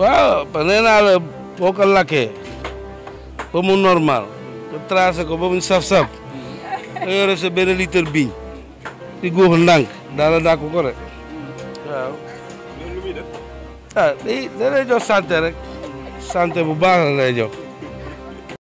waaw nee naa la boo ko lakkee ba mu normal nga tracé ko ba mu saf-saf nga yore sa benn litre biñ di góox ndànk daala dàkk ko de waaw ah day da rek santé bu baax la lay jox